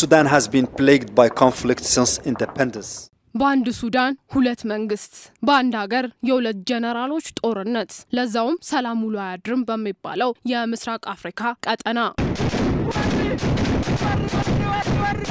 ሱዳን has been ፕሌግድ ባይ ኮንፍሊክት ሲንስ independence. በአንድ ሱዳን ሁለት መንግስት፣ በአንድ ሀገር የሁለት ጀነራሎች ጦርነት፣ ለዛውም ሰላም ውሎ አያድርም በሚባለው የምስራቅ አፍሪካ ቀጠና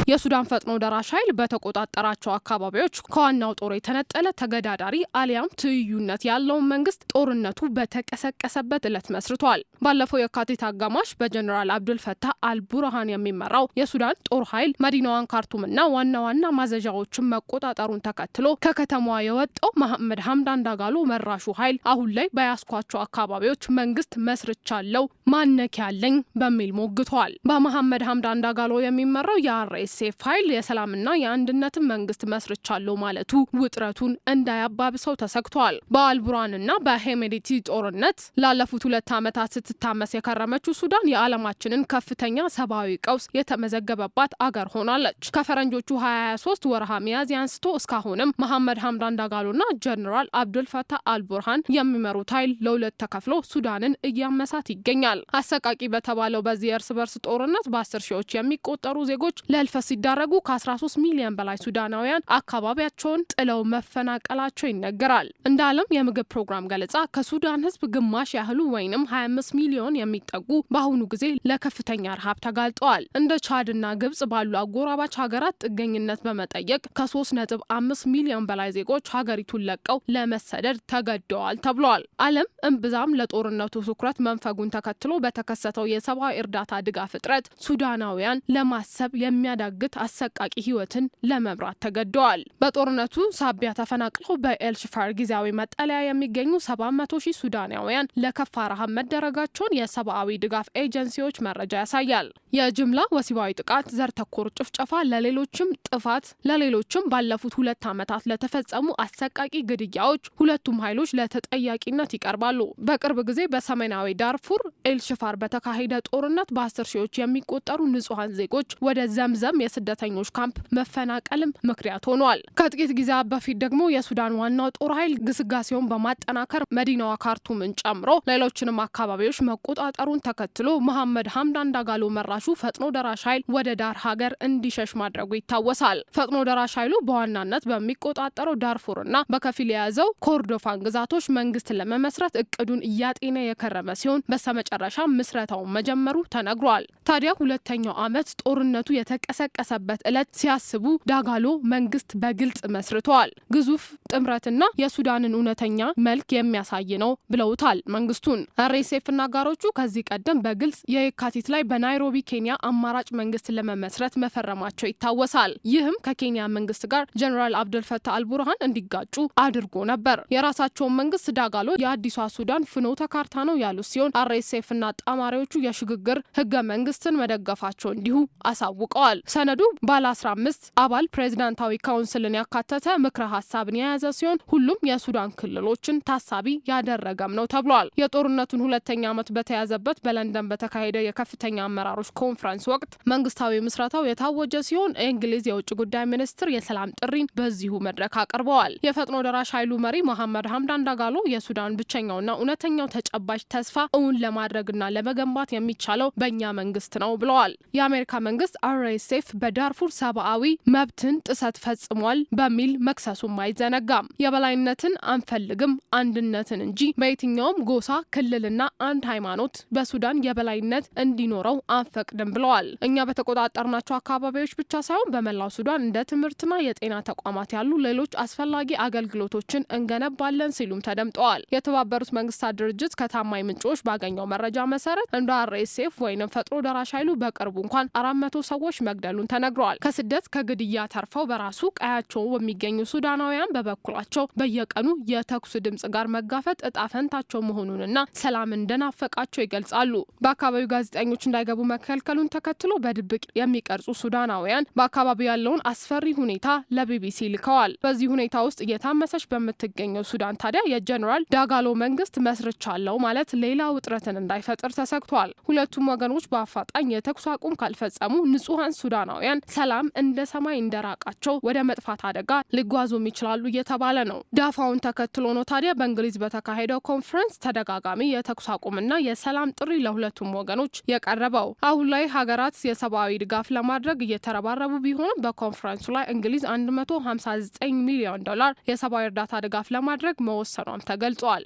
የሱዳን ፈጥኖ ደራሽ ኃይል በተቆጣጠራቸው አካባቢዎች ከዋናው ጦር የተነጠለ ተገዳዳሪ አሊያም ትይዩነት ያለውን መንግስት ጦርነቱ በተቀሰቀሰበት ዕለት መስርቷል። ባለፈው የካቲት አጋማሽ በጀኔራል አብዱልፈታህ አልቡርሃን የሚመራው የሱዳን ጦር ኃይል መዲናዋን ካርቱምና ዋና ዋና ማዘዣዎችን መቆጣጠሩን ተከትሎ ከከተማዋ የወጣው መሐመድ ሀምዳን ዳጋሎ መራሹ ኃይል አሁን ላይ በያስኳቸው አካባቢዎች መንግስት መስርቻለው ማነክ ያለኝ በሚል ሞግቷል። በመሐመድ ሀምዳን ዳጋሎ የሚመራው የአርኤስኤፍ ኃይል የሰላምና የአንድነትን መንግስት መስርቻለሁ ማለቱ ውጥረቱን እንዳያባብሰው ተሰግቷል። በአልቡራንና በሄሜዲቲ ጦርነት ላለፉት ሁለት ዓመታት ስትታመስ የከረመችው ሱዳን የዓለማችንን ከፍተኛ ሰብአዊ ቀውስ የተመዘገበባት አገር ሆናለች። ከፈረንጆቹ 23 ወርሃ ሚያዝያ አንስቶ እስካሁንም መሐመድ ሀምዳን ዳጋሎና ጀኔራል አብዱል አልቡርሃን የሚመሩት ኃይል ለሁለት ተከፍሎ ሱዳንን እያመሳት ይገኛል። አሰቃቂ በተባለው በዚህ የእርስ በርስ ጦርነት በአስር ሺዎች የሚቆጠሩ ዜጎች ለህልፈት ሲዳረጉ ከ13 ሚሊዮን በላይ ሱዳናውያን አካባቢያቸውን ጥለው መፈናቀላቸው ይነገራል። እንደ ዓለም የምግብ ፕሮግራም ገለጻ ከሱዳን ህዝብ ግማሽ ያህሉ ወይም 25 ሚሊዮን የሚጠጉ በአሁኑ ጊዜ ለከፍተኛ ረሃብ ተጋልጠዋል። እንደ ቻድና ግብጽ ባሉ አጎራባች ሀገራት ጥገኝነት በመጠየቅ ከ3.5 ሚሊዮን በላይ ዜጎች ሀገሪቱን ለቀው ለመሰደድ ተገደዋል ተብሏል። ዓለም እምብዛም ለጦርነቱ ትኩረት መንፈጉን ተከትሎ በተከሰተው የሰብአዊ እርዳታ ድጋፍ እጥረት ሱዳናውያን ለማሰብ የሚያዳግት አሰቃቂ ህይወትን ለመምራት ተገደዋል። በጦርነቱ ሳቢያ ተፈናቅለው በኤልሽፋር ጊዜያዊ መጠለያ የሚገኙ 700 ሺህ ሱዳናውያን ለከፋ ረሃብ መደረጋቸውን የሰብአዊ ድጋፍ ኤጀንሲዎች መረጃ ያሳያል። የጅምላ ወሲባዊ ጥቃት፣ ዘር ተኮር ጭፍጨፋ፣ ለሌሎችም ጥፋት ለሌሎችም ባለፉት ሁለት ዓመታት ለተፈጸሙ አሰቃቂ ግድያዎች ሁለቱም ኃይሎች ለተጠያቂነት ይቀርባሉ። በቅርብ ጊዜ በሰሜናዊ ዳርፉር በሌል ሽፋር በተካሄደ ጦርነት በአስር ሺዎች የሚቆጠሩ ንጹሐን ዜጎች ወደ ዘምዘም የስደተኞች ካምፕ መፈናቀልም ምክንያት ሆኗል። ከጥቂት ጊዜ በፊት ደግሞ የሱዳን ዋናው ጦር ኃይል ግስጋሴውን በማጠናከር መዲናዋ ካርቱምን ጨምሮ ሌሎችንም አካባቢዎች መቆጣጠሩን ተከትሎ መሐመድ ሀምዳን ዳጋሎ መራሹ ፈጥኖ ደራሽ ኃይል ወደ ዳር ሀገር እንዲሸሽ ማድረጉ ይታወሳል። ፈጥኖ ደራሽ ኃይሉ በዋናነት በሚቆጣጠረው ዳርፉርና በከፊል የያዘው ኮርዶፋን ግዛቶች መንግስት ለመመስረት እቅዱን እያጤነ የከረመ ሲሆን በስተመጨረ መጨረሻ ምስረታውን መጀመሩ ተነግሯል። ታዲያ ሁለተኛው ዓመት ጦርነቱ የተቀሰቀሰበት ዕለት ሲያስቡ ዳጋሎ መንግስት በግልጽ መስርተዋል። ግዙፍ ጥምረትና የሱዳንን እውነተኛ መልክ የሚያሳይ ነው ብለውታል መንግስቱን። አርኤስኤፍና አጋሮቹ ከዚህ ቀደም በግልጽ የካቲት ላይ በናይሮቢ ኬንያ አማራጭ መንግስት ለመመስረት መፈረማቸው ይታወሳል። ይህም ከኬንያ መንግስት ጋር ጀኔራል አብደልፈታ አልቡርሃን እንዲጋጩ አድርጎ ነበር። የራሳቸውን መንግስት ዳጋሎ የአዲሷ ሱዳን ፍኖተ ካርታ ነው ያሉት ሲሆን አሬሴፍ ደጋፊዎችና ጣማሪዎቹ የሽግግር ህገ መንግስትን መደገፋቸው እንዲሁ አሳውቀዋል። ሰነዱ ባለ 15 አባል ፕሬዚዳንታዊ ካውንስልን ያካተተ ምክረ ሀሳብን የያዘ ሲሆን ሁሉም የሱዳን ክልሎችን ታሳቢ ያደረገም ነው ተብሏል። የጦርነቱን ሁለተኛ ዓመት በተያዘበት በለንደን በተካሄደ የከፍተኛ አመራሮች ኮንፈረንስ ወቅት መንግስታዊ ምስረታው የታወጀ ሲሆን የእንግሊዝ የውጭ ጉዳይ ሚኒስትር የሰላም ጥሪን በዚሁ መድረክ አቅርበዋል። የፈጥኖ ደራሽ ኃይሉ መሪ መሐመድ ሀምዳን ዳጋሎ የሱዳን ብቸኛውና እውነተኛው ተጨባጭ ተስፋ እውን ለማድረግ ለማድረግና ለመገንባት የሚቻለው በእኛ መንግስት ነው ብለዋል። የአሜሪካ መንግስት አርኤስኤፍ በዳርፉር ሰብአዊ መብትን ጥሰት ፈጽሟል በሚል መክሰሱም አይዘነጋም። የበላይነትን አንፈልግም አንድነትን እንጂ በየትኛውም ጎሳ ክልልና አንድ ሃይማኖት በሱዳን የበላይነት እንዲኖረው አንፈቅድም ብለዋል። እኛ በተቆጣጠርናቸው አካባቢዎች ብቻ ሳይሆን በመላው ሱዳን እንደ ትምህርትና የጤና ተቋማት ያሉ ሌሎች አስፈላጊ አገልግሎቶችን እንገነባለን ሲሉም ተደምጠዋል። የተባበሩት መንግስታት ድርጅት ከታማኝ ምንጮች ባገኘው መረጃ መረጃ መሰረት እንደ አርኤስኤፍ ወይንም ፈጥኖ ደራሽ ኃይሉ በቅርቡ እንኳን አራት መቶ ሰዎች መግደሉን ተነግረዋል። ከስደት ከግድያ ተርፈው በራሱ ቀያቸው የሚገኙ ሱዳናውያን በበኩላቸው በየቀኑ የተኩስ ድምጽ ጋር መጋፈጥ እጣ ፈንታቸው መሆኑንና ሰላም እንደናፈቃቸው ይገልጻሉ። በአካባቢው ጋዜጠኞች እንዳይገቡ መከልከሉን ተከትሎ በድብቅ የሚቀርጹ ሱዳናውያን በአካባቢው ያለውን አስፈሪ ሁኔታ ለቢቢሲ ልከዋል። በዚህ ሁኔታ ውስጥ እየታመሰች በምትገኘው ሱዳን ታዲያ የጀኔራል ዳጋሎ መንግስት መስርቻለው ማለት ሌላ ውጥረትን እንዳይ እንዲፈጥር ተሰግቷል። ሁለቱም ወገኖች በአፋጣኝ የተኩስ አቁም ካልፈጸሙ ንጹሐን ሱዳናውያን ሰላም እንደ ሰማይ እንደራቃቸው ወደ መጥፋት አደጋ ሊጓዙም ይችላሉ እየተባለ ነው። ዳፋውን ተከትሎ ነው ታዲያ በእንግሊዝ በተካሄደው ኮንፈረንስ ተደጋጋሚ የተኩስ አቁምና የሰላም ጥሪ ለሁለቱም ወገኖች የቀረበው። አሁን ላይ ሀገራት የሰብአዊ ድጋፍ ለማድረግ እየተረባረቡ ቢሆንም በኮንፈረንሱ ላይ እንግሊዝ 159 ሚሊዮን ዶላር የሰብአዊ እርዳታ ድጋፍ ለማድረግ መወሰኗም ተገልጿል።